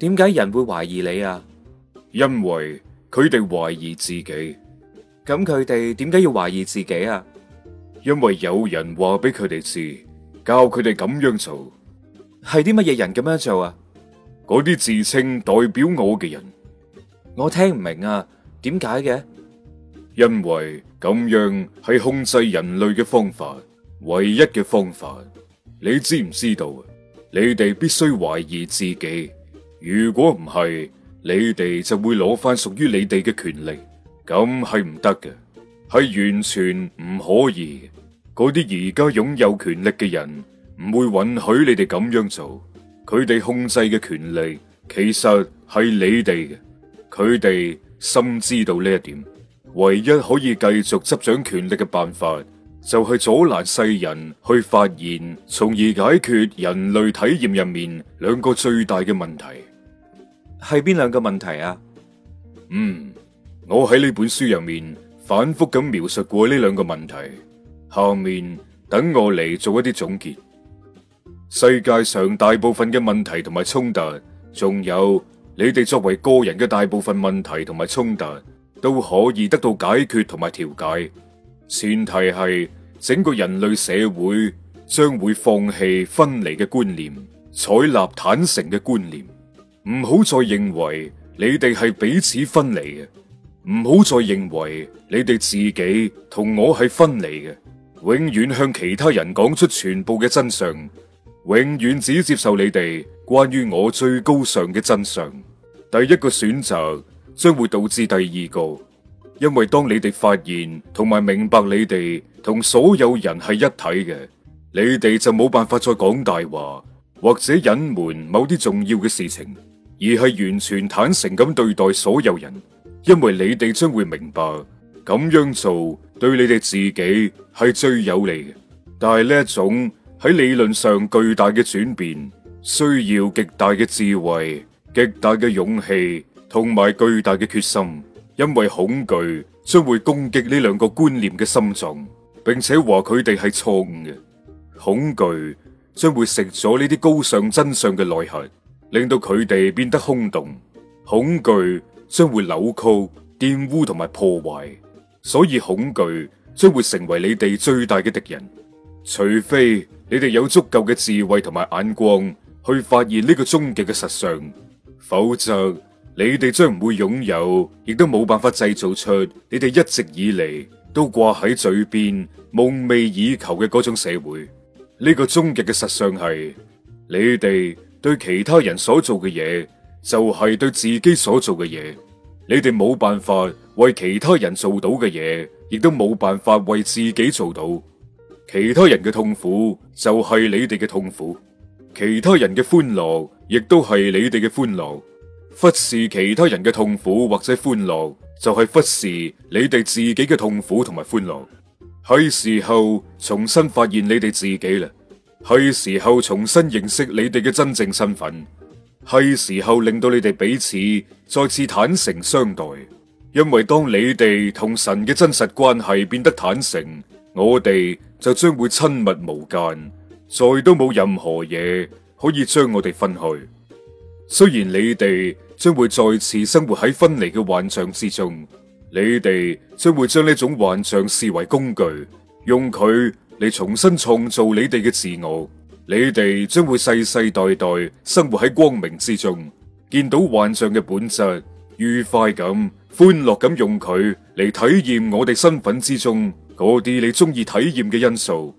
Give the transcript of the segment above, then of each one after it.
點解人會懷疑你啊？因為佢哋懷疑自己。咁佢哋點解要懷疑自己啊？因為有人話俾佢哋知，教佢哋咁樣做。係啲乜嘢人咁樣做啊？嗰啲自稱代表我嘅人。我聽唔明啊，點解嘅？因為咁樣係控制人類嘅方法，唯一嘅方法。你知唔知道？你哋必須懷疑自己。如果唔係，你哋就會攞翻屬於你哋嘅權力，咁係唔得嘅，係完全唔可以。嗰啲而家擁有權力嘅人唔會允許你哋咁樣做，佢哋控制嘅權力其實係你哋嘅，佢哋深知道呢一點。唯一可以繼續執掌權力嘅辦法，就係、是、阻攔世人去發言，從而解決人類體驗入面兩個最大嘅問題。係邊兩個問題啊？嗯，我喺呢本書入面反覆咁描述過呢兩個問題。下面等我嚟做一啲總結。世界上大部分嘅問題同埋衝突，仲有你哋作為個人嘅大部分問題同埋衝突，都可以得到解決同埋調解。前提係，整個人類社會將會放棄分離嘅觀念，採納坦誠嘅觀念。唔好再認為你哋係彼此分離嘅，唔好再認為你哋自己同我係分離嘅。永遠向其他人講出全部嘅真相，永遠只接受你哋關於我最高尚嘅真相。第一個選擇將會導致第二個，因為當你哋發現同埋明白你哋同所有人係一體嘅，你哋就冇辦法再講大話，或者隱瞞某啲重要嘅事情，而係完全坦誠咁對待所有人，因為你哋將會明白，咁樣做對你哋自己係最有利嘅。但係呢一種喺理論上巨大嘅轉變，需要極大嘅智慧、極大嘅勇氣同埋巨大嘅決心，因為恐懼將會攻擊呢兩個觀念嘅心臟，並且話佢哋係錯誤嘅。恐懼。將會食咗呢啲高尚真相嘅內核，令到佢哋變得空洞，恐懼將會扭曲、玷污同埋破壞，所以恐懼將會成為你哋最大嘅敵人。除非你哋有足夠嘅智慧同埋眼光去發現呢個終極嘅實相，否則你哋將唔會擁有，亦都冇辦法製造出你哋一直以嚟都掛喺嘴邊、夢寐以求嘅嗰種社會。呢個終極嘅實相係，你哋對其他人所做嘅嘢，就係對自己所做嘅嘢。你哋冇辦法為其他人做到嘅嘢，亦都冇辦法為自己做到。其他人嘅痛苦就係你哋嘅痛苦，其他人嘅歡樂亦都係你哋嘅歡樂。忽視其他人嘅痛苦或者歡樂，就係忽視你哋自己嘅痛苦同埋歡樂。係時候重新發現你哋自己啦，係時候重新認識你哋嘅真正身份，係時候令到你哋彼此再次坦誠相待。因為當你哋同神嘅真實關係變得坦誠，我哋就將會親密無間，再都冇任何嘢可以將我哋分開。雖然你哋將會再次生活喺分離嘅幻象之中。你哋將會將呢種幻象視為工具，用佢嚟重新創造你哋嘅自我。你哋將會世世代代生活喺光明之中，見到幻象嘅本質，愉快咁、歡樂咁用佢嚟體驗我哋身份之中嗰啲你中意體驗嘅因素。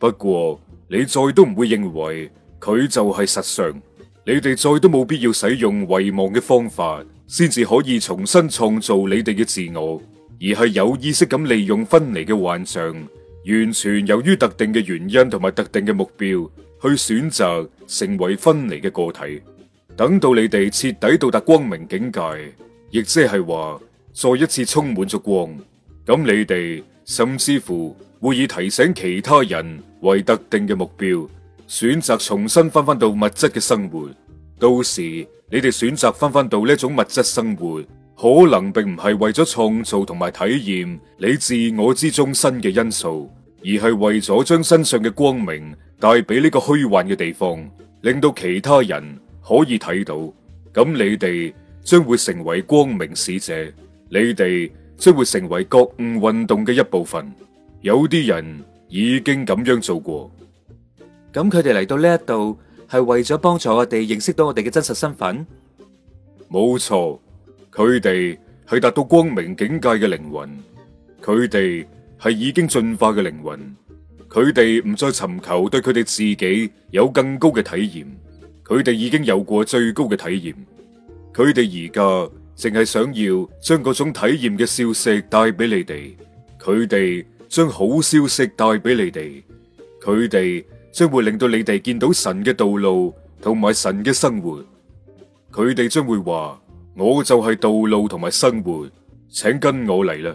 不過你再都唔會認為佢就係實相。你哋再都冇必要使用遺忘嘅方法。先至可以重新創造你哋嘅自我，而係有意識咁利用分離嘅幻象，完全由於特定嘅原因同埋特定嘅目標去選擇成為分離嘅個體。等到你哋徹底到達光明境界，亦即係話再一次充滿咗光，咁你哋甚至乎會以提醒其他人為特定嘅目標，選擇重新翻返到物質嘅生活。到時你哋選擇翻返到呢一種物質生活，可能並唔係為咗創造同埋體驗你自我之中新嘅因素，而係為咗將身上嘅光明帶俾呢個虛幻嘅地方，令到其他人可以睇到。咁你哋將會成為光明使者，你哋將會成為覺悟運動嘅一部分。有啲人已經咁樣做過，咁佢哋嚟到呢一度。係為咗幫助我哋認識到我哋嘅真實身份，冇錯，佢哋係達到光明境界嘅靈魂，佢哋係已經進化嘅靈魂，佢哋唔再尋求對佢哋自己有更高嘅體驗，佢哋已經有過最高嘅體驗，佢哋而家淨係想要將嗰種體驗嘅消息帶俾你哋，佢哋將好消息帶俾你哋，佢哋將會令到你哋見到神嘅道路同埋神嘅生活，佢哋將會話：我就係道路同埋生活，請跟我嚟啦。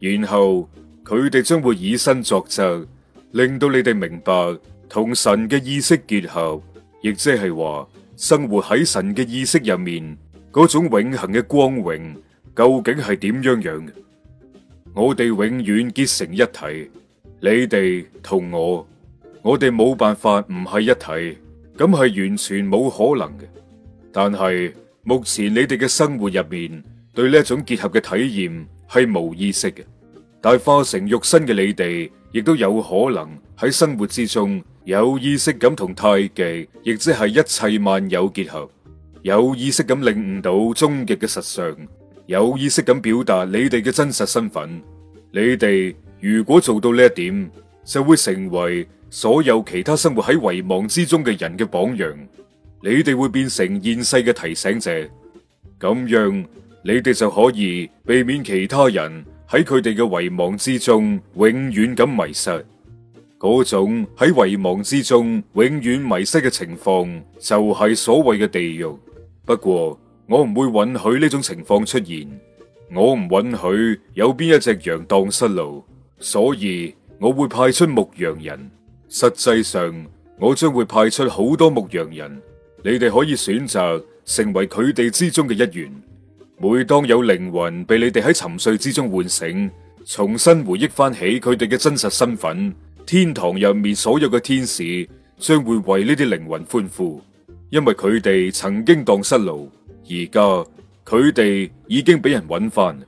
然後佢哋將會以身作則，令到你哋明白同神嘅意識結合，亦即係話生活喺神嘅意識入面嗰種永恒嘅光榮究竟係點樣樣嘅？我哋永遠結成一體，你哋同我。我哋冇辦法唔係一體，咁係完全冇可能嘅。但係目前你哋嘅生活入面，對呢種結合嘅體驗係冇意識嘅。但係化成肉身嘅你哋，亦都有可能喺生活之中有意識咁同太極，亦即係一切萬有結合，有意識咁領悟到終極嘅實相，有意識咁表達你哋嘅真實身份。你哋如果做到呢一點，就會成為所有其他生活喺遺忘之中嘅人嘅榜樣，你哋會變成現世嘅提醒者，咁樣你哋就可以避免其他人喺佢哋嘅遺忘之中永遠咁迷失。嗰種喺遺忘之中永遠迷失嘅情況就係所謂嘅地獄。不過我唔會允許呢種情況出現，我唔允許有邊一隻羊蕩失路，所以我會派出牧羊人。實際上，我將會派出好多牧羊人，你哋可以選擇成為佢哋之中嘅一員。每當有靈魂被你哋喺沉睡之中喚醒，重新回憶翻起佢哋嘅真實身份，天堂入面所有嘅天使將會為呢啲靈魂歡呼，因為佢哋曾經蕩失路，而家佢哋已經俾人揾翻。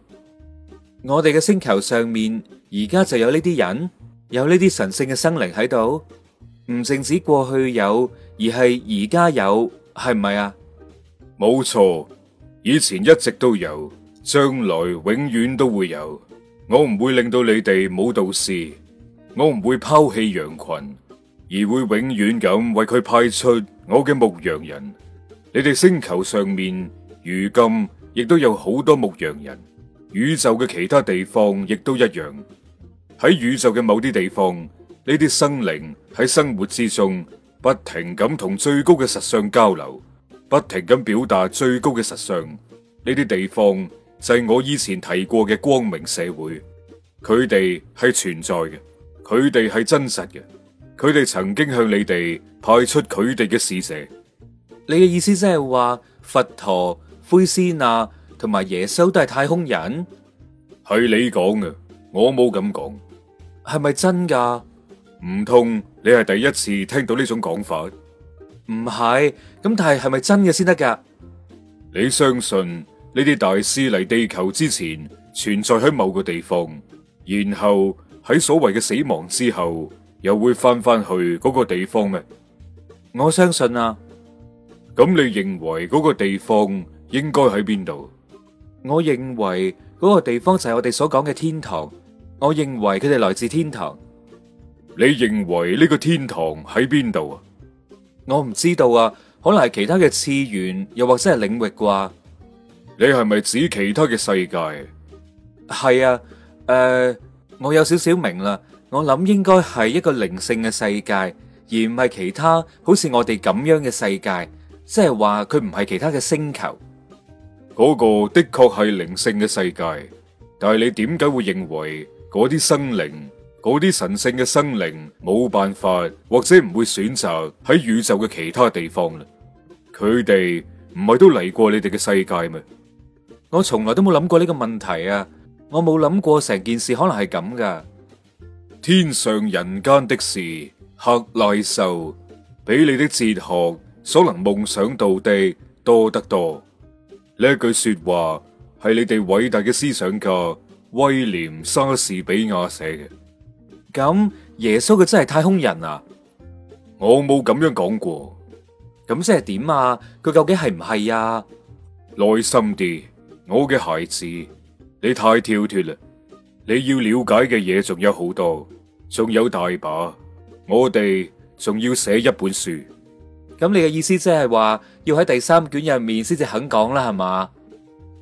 我哋嘅星球上面，而家就有呢啲人。有呢啲神聖嘅生靈喺度，唔淨止過去有，而係而家有，係唔係啊？冇錯，以前一直都有，將來永遠都會有。我唔會令到你哋冇導師，我唔會拋棄羊群，而會永遠咁為佢派出我嘅牧羊人。你哋星球上面如今亦都有好多牧羊人，宇宙嘅其他地方亦都一樣。喺宇宙嘅某啲地方，呢啲生靈喺生活之中不停咁同最高嘅實相交流，不停咁表達最高嘅實相。呢啲地方就係我以前提過嘅光明社會，佢哋係存在嘅，佢哋係真實嘅，佢哋曾經向你哋派出佢哋嘅使者。你嘅意思即係話佛陀、灰斯娜，同埋耶穌都係太空人？係你講嘅，我冇咁講。係咪真㗎？唔通你係第一次聽到呢種講法？唔係咁，但係係咪真嘅先得㗎？你相信呢啲大師嚟地球之前存在喺某個地方，然後喺所謂嘅死亡之後又會返返去嗰個地方咩？我相信啊。咁你認為嗰個地方應該喺邊度？我認為嗰個地方就係我哋所講嘅天堂。我認為佢哋來自天堂。你認為呢個天堂喺邊度啊？我唔知道啊，可能係其他嘅次元，又或者係領域啩？你係咪指其他嘅世界？係啊，誒、呃，我有少少明啦。我諗應該係一個靈性嘅世界，而唔係其他好似我哋咁樣嘅世界。即係話佢唔係其他嘅星球。嗰個的確係靈性嘅世界，但係你點解會認為？嗰啲生靈，嗰啲神聖嘅生靈，冇辦法或者唔會選擇喺宇宙嘅其他地方啦。佢哋唔係都嚟過你哋嘅世界咩？我從來都冇諗過呢個問題啊！我冇諗過成件事可能係咁噶。天上人間的事，克拉修，比你的哲學所能夢想到地多得多。呢句說話係你哋偉大嘅思想家。威廉莎士比亞寫嘅，咁耶穌佢真係太空人啊？我冇咁樣講過，咁即係點啊？佢究竟係唔係啊？耐心啲，我嘅孩子，你太跳脱啦！你要了解嘅嘢仲有好多，仲有大把，我哋仲要寫一本書。咁你嘅意思即係話要喺第三卷入面先至肯講啦，係嘛？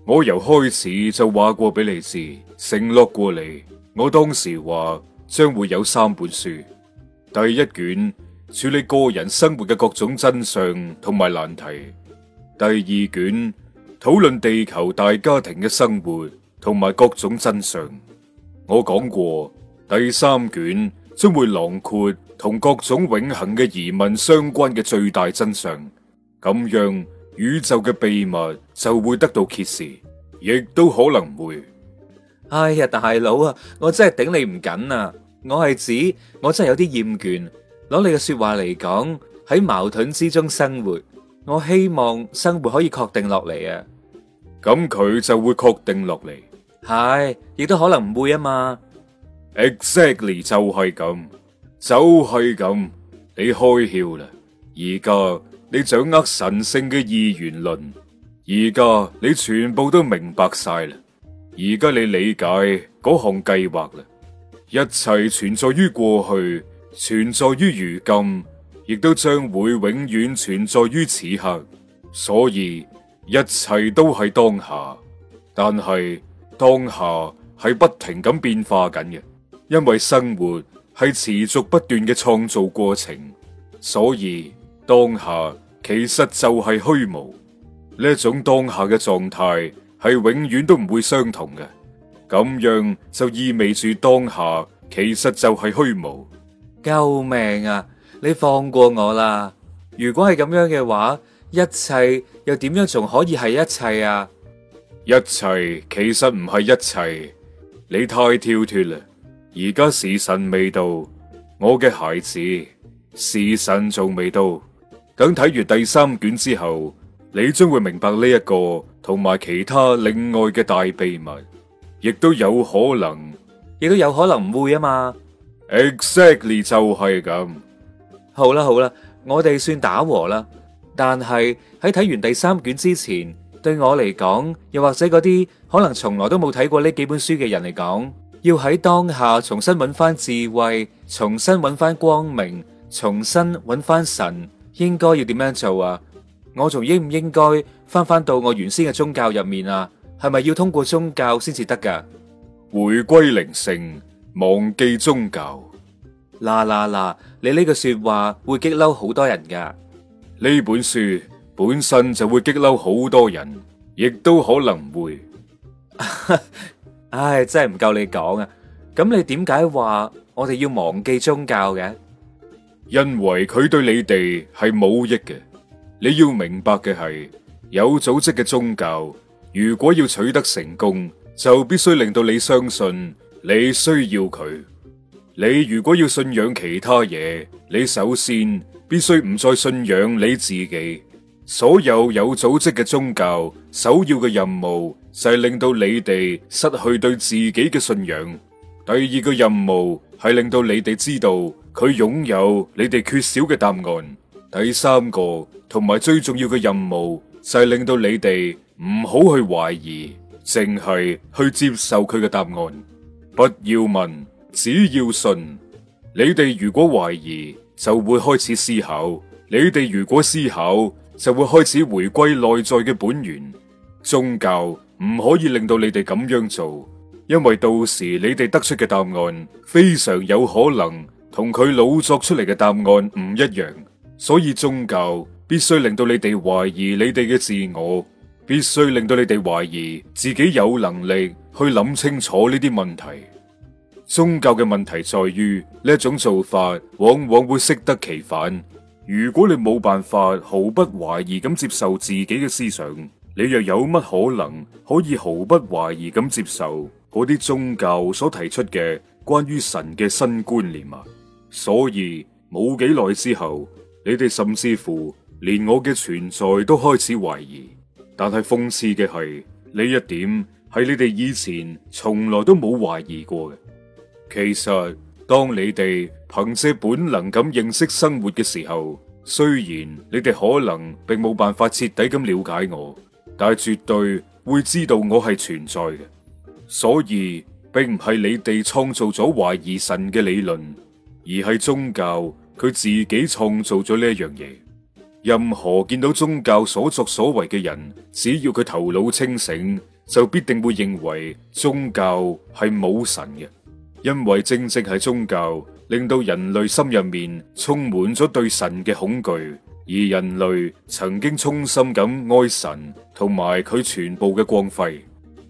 我由開始就話過俾你知，承諾過你，我當時話將會有三本書。第一卷處理個人生活嘅各種真相同埋難題，第二卷討論地球大家庭嘅生活同埋各種真相。我講過，第三卷將會囊括同各種永恆嘅疑問相關嘅最大真相。咁樣。宇宙嘅秘密就會得到揭示，亦都可能唔會。哎呀，大佬啊，我真係頂你唔緊啊！我係指我真係有啲厭倦，攞你嘅說話嚟講，喺矛盾之中生活。我希望生活可以確定落嚟啊！咁佢就會確定落嚟，係亦、哎、都可能唔會啊嘛。Exactly 就係咁，就係、是、咁。你開竅啦，而家。你掌握神聖嘅二元論，而家你全部都明白晒啦。而家你理解嗰項計劃啦，一切存在於過去，存在於如今，亦都將會永遠存在於此刻。所以一切都係當下，但係當下係不停咁變化緊嘅，因為生活係持續不斷嘅創造過程，所以。當下其實就係虛無。呢一種當下嘅狀態係永遠都唔會相同嘅，咁樣就意味住當下其實就係虛無。救命啊！你放過我啦！如果係咁樣嘅話，一切又點樣仲可以係一切啊？一切其實唔係一切，你太跳脫啦！而家時辰未到，我嘅孩子，時辰仲未到。等睇完第三卷之後，你將會明白呢一個同埋其他另外嘅大秘密，亦都有可能，亦都有可能唔會啊嘛，Exactly 就係咁。好啦，好啦，我哋算打和啦。但係喺睇完第三卷之前，對我嚟講，又或者嗰啲可能從來都冇睇過呢幾本書嘅人嚟講，要喺當下重新揾翻智慧，重新揾翻光明，重新揾翻神。應該要點樣做啊？我仲應唔應該翻翻到我原先嘅宗教入面啊？係咪要通過宗教先至得噶？回歸靈性，忘記宗教。嗱嗱嗱，你呢句說話會激嬲好多人噶。呢本書本身就會激嬲好多人，亦都可能會。唉、 哎，真係唔夠你講啊！咁你點解話我哋要忘記宗教嘅？因為佢對你哋係冇益嘅，你要明白嘅係有組織嘅宗教，如果要取得成功，就必須令到你相信你需要佢。你如果要信仰其他嘢，你首先必須唔再信仰你自己。所有有組織嘅宗教首要嘅任務就係令到你哋失去對自己嘅信仰。第二個任務係令到你哋知道。佢擁有你哋缺少嘅答案。第三個同埋最重要嘅任務就係令到你哋唔好去懷疑，淨係去接受佢嘅答案。不要問，只要信。你哋如果懷疑，就會開始思考，你哋如果思考，就會開始回歸內在嘅本源。宗教唔可以令到你哋咁樣做，因為到時你哋得出嘅答案非常有可能。同佢老作出嚟嘅答案唔一樣，所以宗教必須令到你哋懷疑你哋嘅自我，必須令到你哋懷疑自己有能力去諗清楚呢啲問題。宗教嘅問題在於呢種做法往往會適得其反。如果你冇辦法毫不懷疑咁接受自己嘅思想，你又有乜可能可以毫不懷疑咁接受嗰啲宗教所提出嘅關於神嘅新觀念啊？所以冇幾耐之後，你哋甚至乎連我嘅存在都開始懷疑。但係諷刺嘅係，呢一點係你哋以前從來都冇懷疑過嘅。其實當你哋憑借本能咁認識生活嘅時候，雖然你哋可能並冇辦法徹底咁了解我，但係絕對會知道我係存在嘅。所以並唔係你哋創造咗懷疑神嘅理論。而係宗教，佢自己創造咗呢一樣嘢。任何見到宗教所作所為嘅人，只要佢頭腦清醒，就必定會認為宗教係冇神嘅。因為正正係宗教令到人類心入面充滿咗對神嘅恐懼，而人類曾經衷心咁愛神同埋佢全部嘅光輝，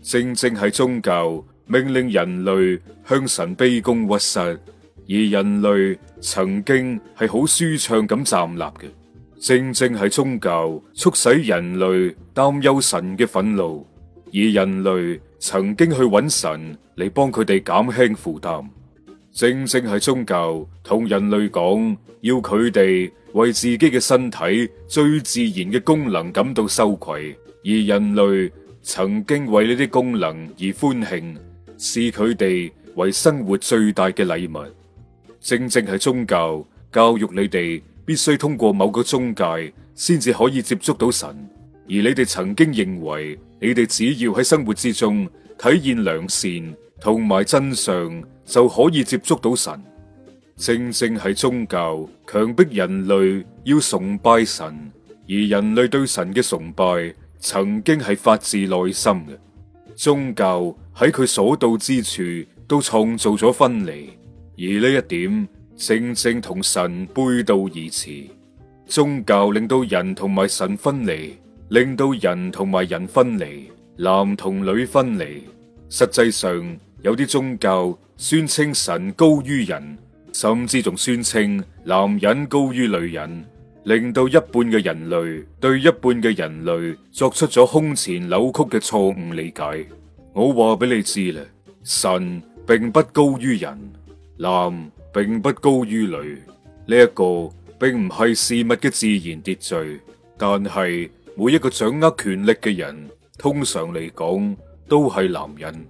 正正係宗教命令人類向神卑躬屈膝。而人類曾經係好舒暢咁站立嘅，正正係宗教促使人類擔憂神嘅憤怒；而人類曾經去揾神嚟幫佢哋減輕負擔，正正係宗教同人類講要佢哋為自己嘅身體最自然嘅功能感到羞愧；而人類曾經為呢啲功能而歡慶，視佢哋為生活最大嘅禮物。正正係宗教教育你哋必須通過某個中介先至可以接觸到神，而你哋曾經認為你哋只要喺生活之中體現良善同埋真相就可以接觸到神。正正係宗教強迫人類要崇拜神，而人類對神嘅崇拜曾經係發自內心嘅。宗教喺佢所到之處都創造咗分離。而呢一點正正同神背道而馳，宗教令到人同埋神分離，令到人同埋人分離，男同女分離。實際上有啲宗教宣稱神高於人，甚至仲宣稱男人高於女人，令到一半嘅人類對一半嘅人類作出咗空前扭曲嘅錯誤理解。我話俾你知啦，神並不高於人。男並不高於女，呢一個並唔係事物嘅自然秩序，但係每一個掌握權力嘅人，通常嚟講都係男人，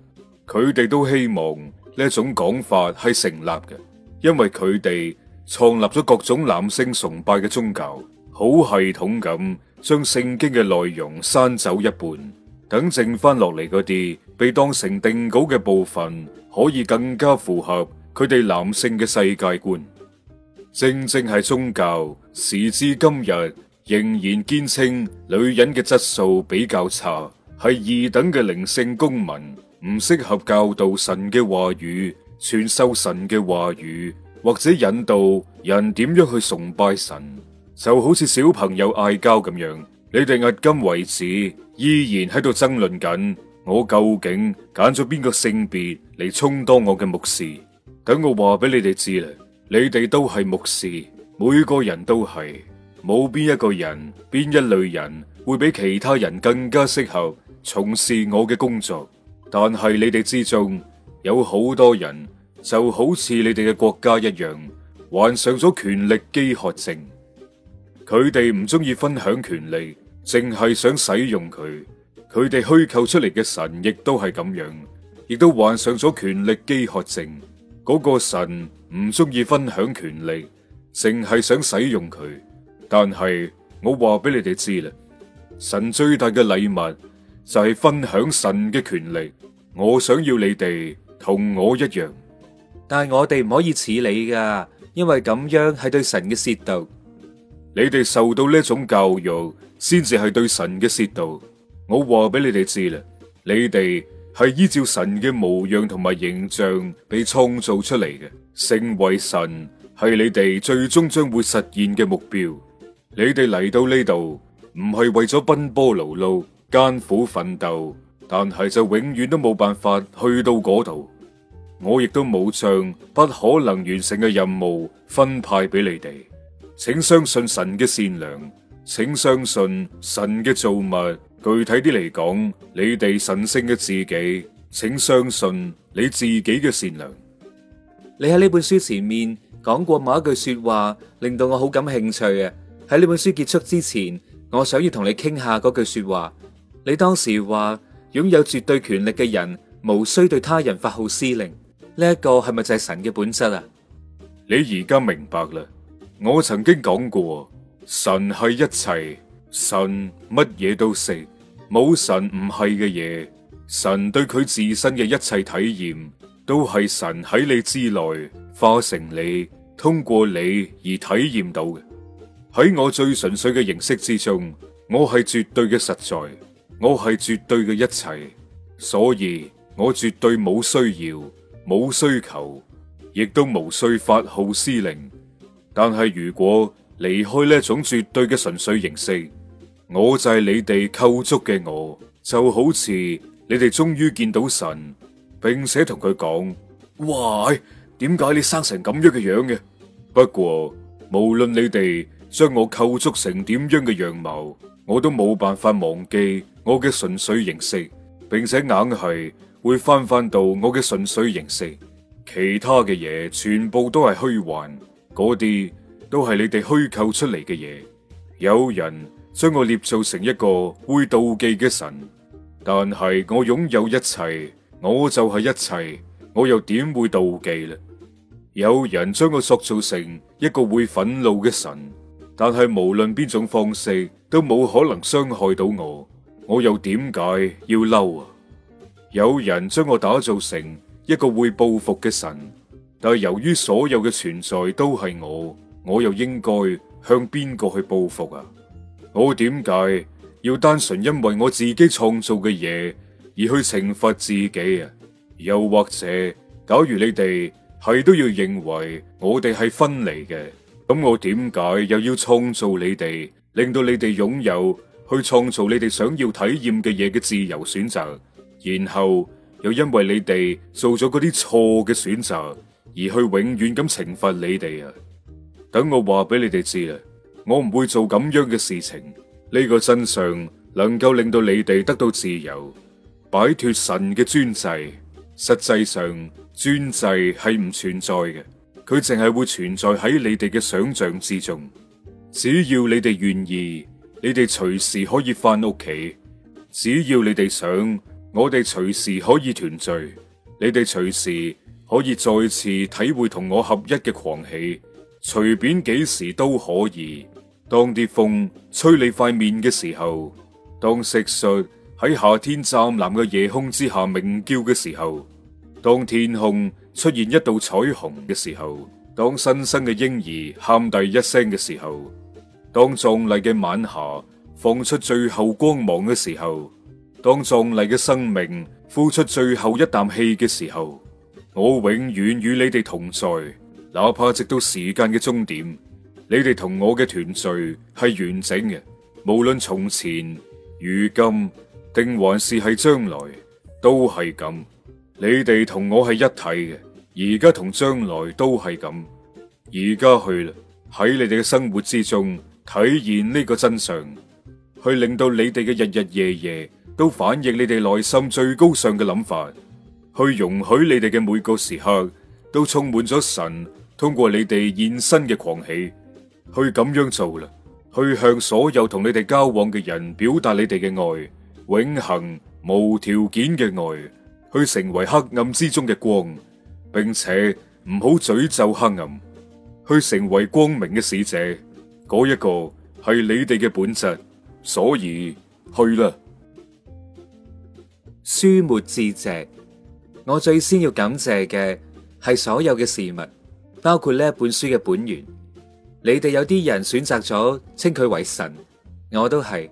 佢哋都希望呢種講法係成立嘅。因為佢哋創立咗各種男性崇拜嘅宗教，好系統咁將聖經嘅內容刪走一半，等剩翻落嚟嗰啲被當成定稿嘅部分，可以更加符合。佢哋男性嘅世界觀正正係宗教，時至今日仍然堅稱女人嘅質素比較差，係二等嘅靈性公民，唔適合教導神嘅話語、傳授神嘅話語或者引導人點樣去崇拜神。就好似小朋友嗌交咁樣，你哋迄今為止依然喺度爭論緊，我究竟揀咗邊個性別嚟充當我嘅牧師？等我話俾你哋知啦，你哋都係牧師，每個人都係，冇邊一個人、邊一類人會比其他人更加適合從事我嘅工作。但係你哋之中有好多人，就好似你哋嘅國家一樣，患上咗權力飢渴症。佢哋唔中意分享權力，淨係想使用佢。佢哋虛構出嚟嘅神亦都係咁樣，亦都患上咗權力飢渴症。嗰個神唔中意分享權力，淨係想使用佢。但係我話俾你哋知啦，神最大嘅禮物就係分享神嘅權力。我想要你哋同我一樣，但我哋唔可以似你噶，因為咁樣係對神嘅褻瀆。你哋受到呢一種教育，先至係對神嘅褻瀆。我話俾你哋知啦，你哋係依照神嘅模樣同埋形象被創造出嚟嘅。成為神，係你哋最終將會實現嘅目標。你哋嚟到呢度，唔係為咗奔波勞碌、艱苦奮鬥，但係就永遠都冇辦法去到嗰度。我亦都冇將不可能完成嘅任務分派俾你哋，請相信神嘅善良，請相信神嘅造物。具體啲嚟講，你哋神聖嘅自己，請相信你自己嘅善良。你喺呢本書前面講過某一句說話，令到我好感興趣嘅。喺呢本書結束之前，我想要同你傾下嗰句說話。你當時話擁有絕對權力嘅人，無需對他人發號施令。呢一個係咪就係神嘅本質啊？你而家明白啦。我曾經講過，神係一切，神乜嘢都識。冇神唔係嘅嘢。神對佢自身嘅一切體驗，都係神喺你之內化成你，通過你而體驗到嘅。喺我最純粹嘅形式之中，我係絕對嘅實在，我係絕對嘅一切，所以我絕對冇需要，冇需求，亦都無需發號施令。但係如果離開呢一種絕對嘅純粹形式，我就係你哋構築嘅我，就好似你哋終於見到神，並且同佢講：喂，點解你生成咁樣嘅樣嘅？不過無論你哋將我構築成點樣嘅樣貌，我都冇辦法忘記我嘅純粹形式，並且硬係會翻翻到我嘅純粹形式。其他嘅嘢全部都係虛幻，嗰啲都係你哋虛構出嚟嘅嘢。有人，將我捏造成一個會妒忌嘅神，但係我擁有一切，我就係一切，我又點會妒忌呢？有人將我塑造成一個會憤怒嘅神，但係無論邊種方式都冇可能傷害到我，我又點解要嬲啊？有人將我打造成一個會報復嘅神，但係由於所有嘅存在都係我，我又應該向邊個去報復啊？我點解要單純因為我自己創造嘅嘢而去懲罰自己啊？又或者，假如你哋係都要認為我哋係分離嘅，咁我點解又要創造你哋，令到你哋擁有去創造你哋想要體驗嘅嘢嘅自由選擇，然後又因為你哋做咗嗰啲錯嘅選擇而去永遠咁懲罰你哋啊？等我話俾你哋知啊！我唔會做咁樣嘅事情。呢個真相能夠令到你哋得到自由，擺脫神嘅專制。實際上，專制係唔存在嘅，佢淨係會存在喺你哋嘅想象之中。只要你哋願意，你哋隨時可以翻屋企。只要你哋想，我哋隨時可以團聚。你哋隨時可以再次體會同我合一嘅狂喜。隨便幾時都可以。當啲風吹你塊面嘅時候，當蟋蟀喺夏天湛藍嘅夜空之下鳴叫嘅時候，當天空出現一道彩虹嘅時候，當新生嘅嬰兒喊第一聲嘅時候，當壯麗嘅晚霞放出最後光芒嘅時候，當壯麗嘅生命呼出最後一啖氣嘅時候，我永遠與你哋同在，哪怕直到時間嘅終點。你哋同我嘅團聚係完整嘅，無論從前、如今定還是係將來都係咁。你哋同我係一體嘅，而家同將來都係咁。而家去啦，喺你哋嘅生活之中體現呢個真相，去令到你哋嘅日日夜夜都反映你哋內心最高尚嘅諗法，去容許你哋嘅每個時刻都充滿咗神，通過你哋現身嘅狂喜。去咁樣做啦，去向所有同你哋交往嘅人表達你哋嘅愛，永恆無條件嘅愛，去成為黑暗之中嘅光，並且唔好詛咒黑暗，去成為光明嘅使者。嗰一個係你哋嘅本質，所以去啦。書末致謝，我最先要感謝嘅係所有嘅事物，包括呢本書嘅本源。你哋有啲人選擇咗稱佢為神，我都係。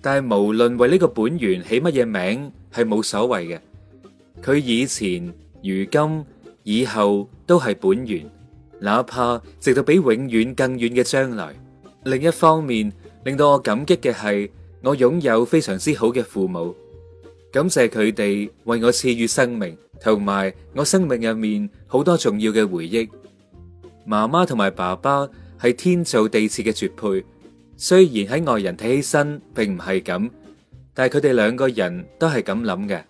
但係無論為呢個本源起乜嘢名，係冇所謂嘅。佢以前、如今、以後都係本源，哪怕直到比永遠更遠嘅將來。另一方面，令到我感激嘅係，我擁有非常之好嘅父母，感謝佢哋為我賜予生命，同埋我生命入面好多重要嘅回憶。媽媽同埋爸爸。係天造地設嘅絕配，雖然喺外人睇起身並唔係咁，但係佢哋兩個人都係咁諗嘅。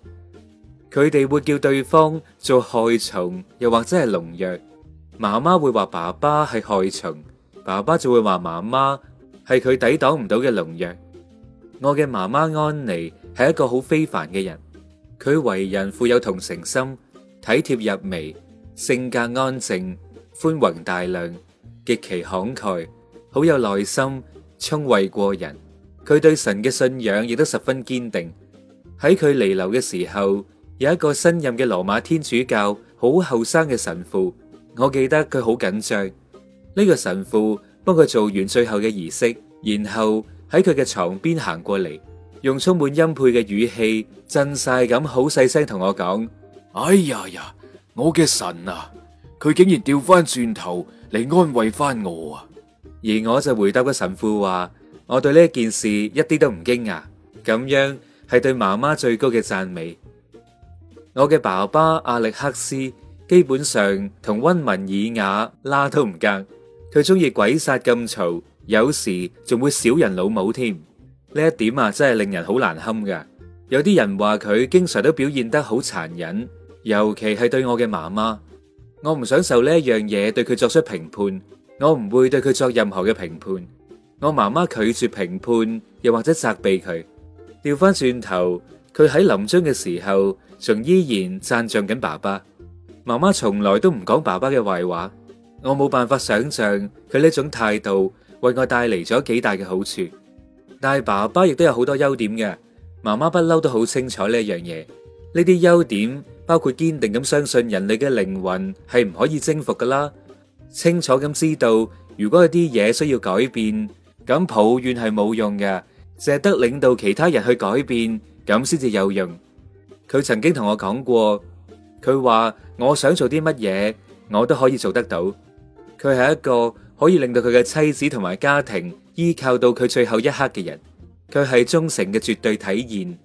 佢哋會叫對方做害蟲，又或者係農藥。媽媽會話爸爸係害蟲，爸爸就會話媽媽係佢抵擋唔到嘅農藥。我嘅媽媽安妮係一個好非凡嘅人，佢為人富有同情心、體貼入微，性格安靜、寬宏大量，極其慷慨，好有耐心，聰慧過人。佢對神嘅信仰亦都十分堅定。喺佢彌留嘅時候，有一個新任嘅羅馬天主教好後生嘅神父，我記得佢好緊張。呢、這個神父幫佢做完最後嘅儀式，然後喺佢嘅床邊行過嚟，用充滿欽佩嘅語氣震晒咁，好細聲同我講：哎呀呀，我嘅神啊，佢竟然掉返轉頭。你安慰翻我啊！而我就回答個神父話，我對呢件事一啲都唔驚訝，咁樣係對媽媽最高嘅讚美。我嘅爸爸阿歷克斯基本上同溫文爾雅拉都唔夾，佢中意鬼殺咁嘈，有時仲會少人老母添。呢一點啊，真係令人好難堪噶。有啲人話佢經常都表現得好殘忍，尤其係對我嘅媽媽。我唔想受呢一樣嘢對佢作出評判，我唔會對佢作任何嘅評判。我媽媽拒絕評判，又或者責備佢。調翻轉頭，佢喺臨終嘅時候仲依然讚頌緊爸爸。媽媽從來都唔講爸爸嘅壞話。我冇辦法想象佢呢種態度為我帶嚟咗幾大嘅好處。但係爸爸亦都有好多優點嘅，媽媽不嬲都好清楚呢一樣嘢。呢啲優點。包括堅定咁相信人類嘅靈魂係唔可以征服噶啦，清楚咁知道如果有啲嘢需要改變，咁抱怨係冇用嘅，淨係得領導其他人去改變咁先至有用。佢曾經同我講過，佢話我想做啲乜嘢，我都可以做得到。佢係一個可以令到佢嘅妻子同埋家庭依靠到佢最後一刻嘅人，佢係忠誠嘅絕對體現，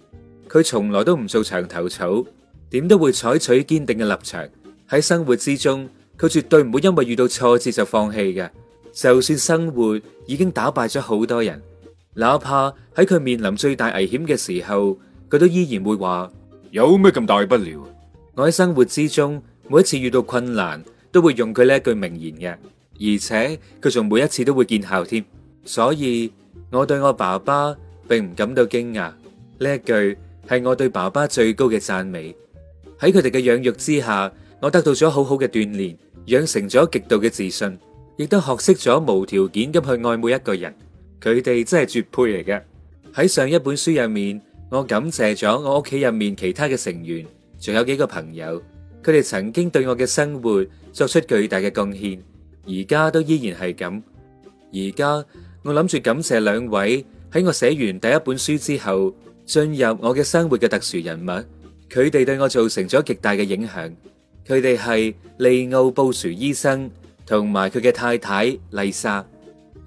佢從來都唔做牆頭草。點都會採取堅定嘅立場喺生活之中，佢絕對唔會因為遇到挫折就放棄嘅。就算生活已經打敗咗好多人，哪怕喺佢面臨最大危險嘅時候，佢都依然會話：有咩咁大不了？我喺生活之中每一次遇到困難，都會用佢呢句名言嘅，而且佢仲每一次都會見效添。所以我對我爸爸並唔感到驚訝，呢一句係我對爸爸最高嘅讚美。喺佢哋嘅養育之下，我得到咗好好嘅鍛煉，養成咗極度嘅自信，亦都學識咗無條件咁去愛每一個人。佢哋真係絕配嚟嘅。喺上一本書入面，我感謝咗我屋企入面其他嘅成員，仲有幾個朋友，佢哋曾經對我嘅生活作出巨大嘅貢獻，而家都依然係咁。而家我諗住感謝兩位喺我寫完第一本書之後進入我嘅生活嘅特殊人物。佢哋對我造成咗極大嘅影響。佢哋係利奧布殊醫生同埋佢嘅太太麗莎。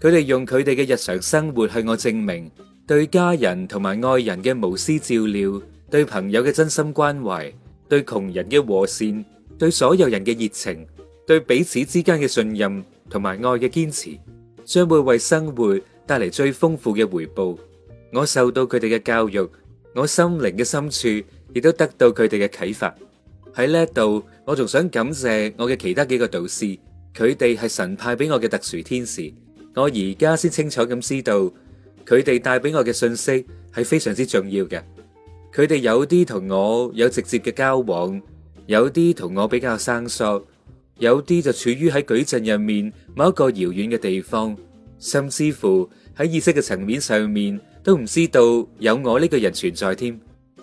佢哋用佢哋嘅日常生活向我證明，對家人同埋愛人嘅無私照料，對朋友嘅真心關懷，對窮人嘅和善，對所有人嘅熱情，對彼此之間嘅信任同埋愛嘅堅持，將會為生活帶嚟最豐富嘅回報。我受到佢哋嘅教育，我心靈嘅深處。亦都得到佢哋嘅啟發，喺呢度，我仲想感謝我嘅其他幾個導師，佢哋係神派俾我嘅特殊天使。我而家先清楚咁知道，佢哋帶俾我嘅信息係非常之重要嘅。佢哋有啲同我有直接嘅交往，有啲同我比較生疏，有啲就處於喺矩陣入面某一個遙遠嘅地方，甚至乎喺意識嘅層面上面都唔知道有我呢個人存在添。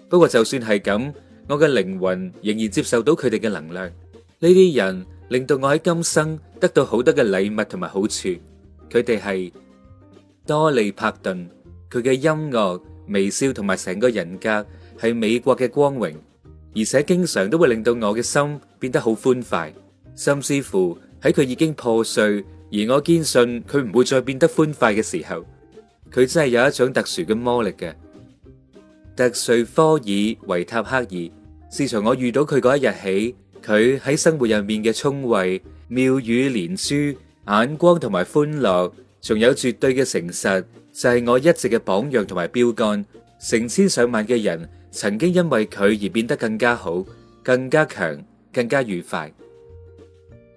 不過就算係咁，我嘅靈魂仍然接受到佢哋嘅能量。呢啲人令到我喺今生得到好多嘅禮物同埋好處。佢哋係多利帕頓，佢嘅音樂、微笑同埋成個人格係美國嘅光榮，而且經常都會令到我嘅心變得好歡快。甚至乎喺佢已經破碎，而我堅信佢唔會再變得歡快嘅時候，佢真係有一種特殊嘅魔力嘅。特瑞科爾維塔克爾，自從我遇到佢嗰一日起，佢喺生活入面嘅聰慧、妙語連珠、眼光同埋歡樂，仲有絕對嘅誠實，就係我一直嘅榜樣同埋標杆。成千上萬嘅人曾經因為佢而變得更加好、更加強、更加愉快。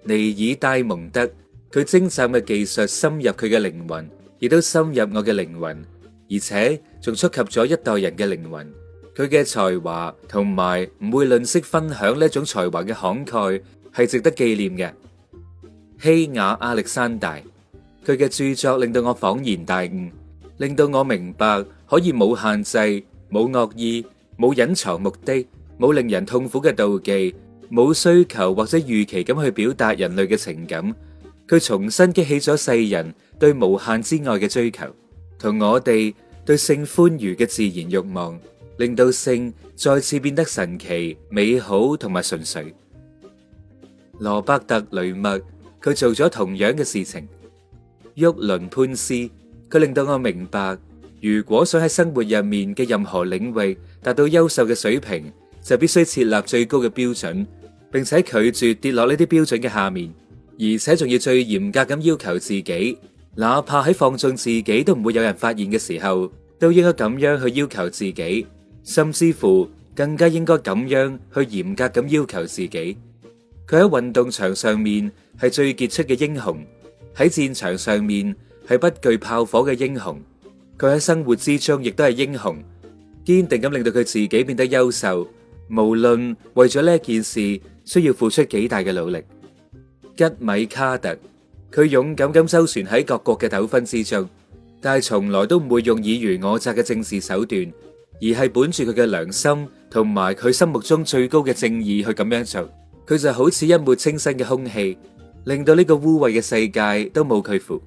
尼爾戴蒙德，佢精湛嘅技術深入佢嘅靈魂，亦都深入我嘅靈魂。而且仲觸及咗一代人嘅靈魂，佢嘅才華同埋唔會吝嗇分享呢一種才華嘅慷慨，係值得紀念嘅。希雅亞歷山大，佢嘅著作令到我恍然大悟，令到我明白可以冇限制、冇惡意、冇隱藏目的、冇令人痛苦嘅妒忌、冇需求或者預期咁去表達人類嘅情感。佢重新激起咗世人對無限之愛嘅追求，同我哋，對性歡愉嘅自然欲望，令到性再次變得神奇、美好同埋純粹。羅伯特·雷默，佢做咗同樣嘅事情。沃倫·潘斯，佢令到我明白，如果想喺生活入面嘅任何領域達到優秀嘅水平，就必須設立最高嘅標準，並且拒絕跌落呢啲標準嘅下面，而且仲要最嚴格咁要求自己。哪怕喺放縱自己都唔會有人發現嘅時候，都應該咁樣去要求自己，甚至乎更加應該咁樣去嚴格咁要求自己。佢喺運動場上面係最傑出嘅英雄，喺戰場上面係不懼炮火嘅英雄。佢喺生活之中亦都係英雄，堅定咁令到佢自己變得優秀。無論為咗呢件事需要付出幾大嘅努力，吉米卡特。佢勇敢咁周旋喺各國嘅糾紛之中，但係從來都唔會用爾虞我詐嘅政治手段，而係本住佢嘅良心同埋佢心目中最高嘅正義去咁樣做。佢就好似一抹清新嘅空氣，令到呢個污穢嘅世界都冇佢符。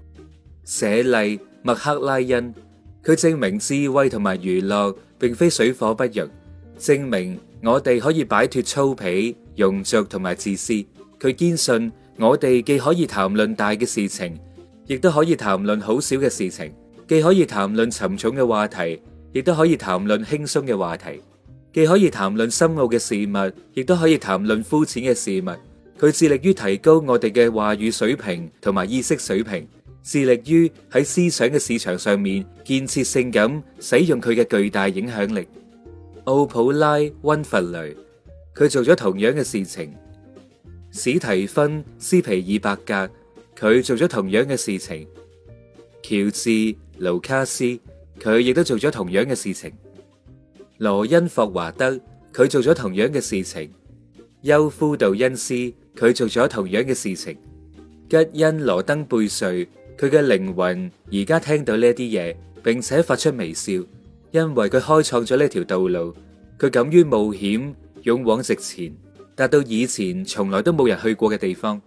舍利麥克拉恩，佢證明智慧同埋娛樂並非水火不容，證明我哋可以擺脫粗鄙、庸俗同埋自私。佢堅信。我哋既可以談論大嘅事情，亦都可以談論好少嘅事情；既可以談論沉重嘅話題，亦都可以談論輕鬆嘅話題；既可以談論深奧嘅事物，亦都可以談論膚淺嘅事物。佢致力於提高我哋嘅話語水平同埋意識水平，致力於喺思想嘅市場上面建設性咁使用佢嘅巨大影響力。奧普拉溫弗雷，佢做咗同樣嘅事情。史提芬斯皮爾伯格，佢做咗同樣嘅事情；喬治盧卡斯，佢亦都做咗同樣嘅事情；羅恩霍華德，佢做咗同樣嘅事情；休夫道恩斯，佢做咗同樣嘅事情；吉恩羅登貝瑞，佢嘅靈魂而家聽到呢啲嘢，並且發出微笑，因為佢開創咗呢條道路，佢敢於冒險，勇往直前。達到以前從來都冇人去過嘅地方，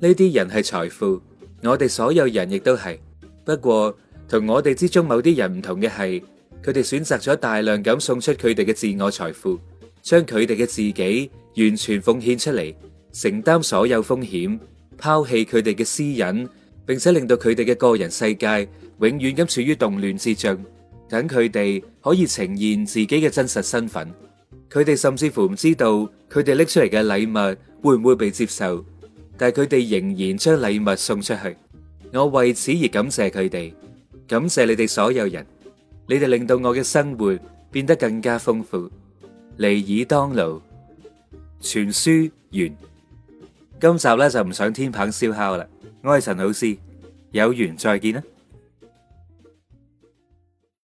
呢啲人係財富，我哋所有人亦都係。不過同我哋之中某啲人唔同嘅係，佢哋選擇咗大量咁送出佢哋嘅自我財富，將佢哋嘅自己完全奉獻出嚟，承擔所有風險，拋棄佢哋嘅私隱，並且令到佢哋嘅個人世界永遠咁處於動亂之中，等佢哋可以呈現自己嘅真實身份。佢哋甚至乎唔知道佢哋拎出嚟嘅禮物會唔會被接受，但係佢哋仍然將禮物送出去。我為此而感謝佢哋，感謝你哋所有人，你哋令到我嘅生活變得更加豐富。尼爾當勞，全書完。今集咧就唔上天棚燒烤啦。我係陳老師，有緣再見啦。